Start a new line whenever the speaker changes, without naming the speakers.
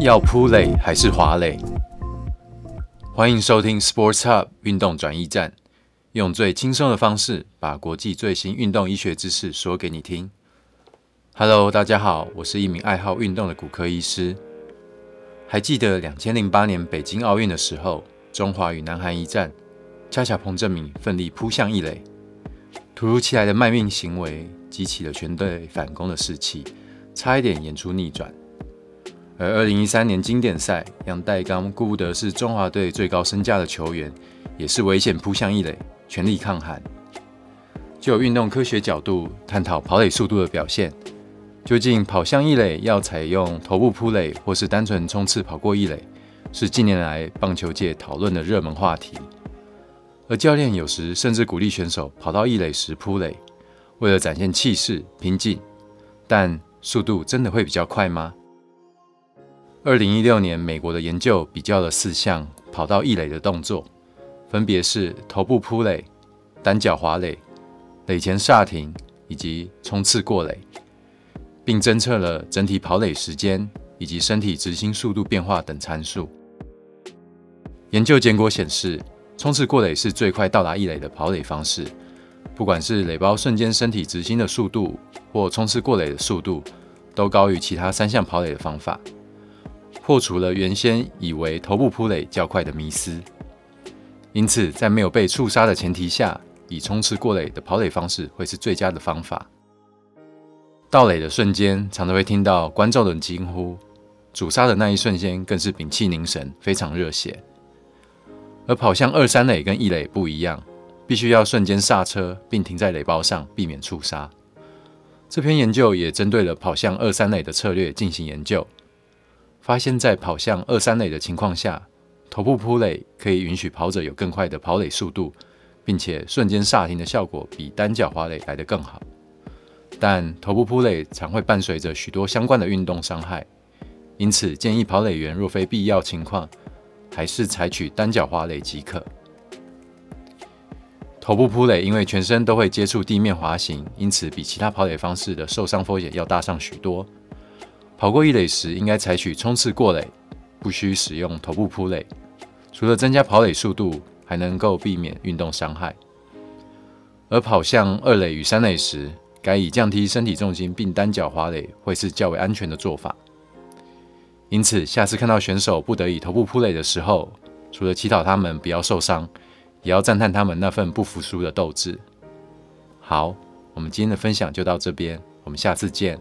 要撲壘還是滑壘？歡迎收聽 Sports Hub 運動轉驛站，用最輕鬆的方式把國際最新運動醫學知識說給你聽。Hello，大家好，我是一名愛好運動的骨科醫師。還記得兩千零八年北京奧運的時候，中華與南韓一戰，恰恰彭政閔奮力撲向一壘，突如其來的賣命行為激起了全隊反攻的士氣，差一點演出逆轉。而二零一三年經典賽，陽岱鋼顧不得是中華隊最高身價的球員，也是危險撲向一壘，全力抗韓。就運動科學角度探討跑壘速度的表現，究竟跑向一壘要採用頭部撲壘，或是單純衝刺跑過一壘，是近年來棒球界討論的熱門話題。而教練有時甚至鼓勵選手跑到一壘時撲壘，為了展現氣勢、拼勁，但速度真的會比較快嗎？二零一六年，美國的研究比較了四項跑到一壘的動作，分別是頭部撲壘、單腳滑壘、壘前剎停以及衝刺過壘，並偵測了整體跑壘時間以及身體重心速度變化等參數。研究結果顯示，衝刺過壘是最快到達一壘的跑壘方式，不管是壘包瞬間身體重心的速度或衝刺過壘的速度，都高於其他三項跑壘的方法。破除了原先以為頭部撲壘較快的迷思，因此在沒有被觸殺的前提下，以衝刺過壘的跑壘方式會是最佳的方法。到壘的瞬間，常常會聽到觀眾的驚呼；阻殺的那一瞬間，更是屏氣凝神，非常熱血。而跑向二三壘跟一壘不一樣，必須要瞬間剎車並停在壘包上，避免觸殺。這篇研究也針對了跑向二三壘的策略進行研究。發現在跑向二三壘的情況下，頭部撲壘可以允許跑者有更快的跑壘速度，並且瞬間剎停的效果比單腳滑壘來得更好。但頭部撲壘常會伴隨着許多相關的運動傷害，因此建議跑壘員若非必要情況，還是採取單腳滑壘即可。頭部撲壘因為全身都會接觸地面滑行，因此比其他跑壘方式的受傷風險要大上許多。跑過一壘時，應該採取衝刺過壘，不需使用頭部撲壘。除了增加跑壘速度，還能夠避免運動傷害。而跑向二壘與三壘時，改以降低身體重心並單腳滑壘，會是較為安全的做法。因此，下次看到選手不得已頭部撲壘的時候，除了祈禱他們不要受傷，也要讚嘆他們那份不服輸的鬥志。好，我們今天的分享就到這邊，我們下次見。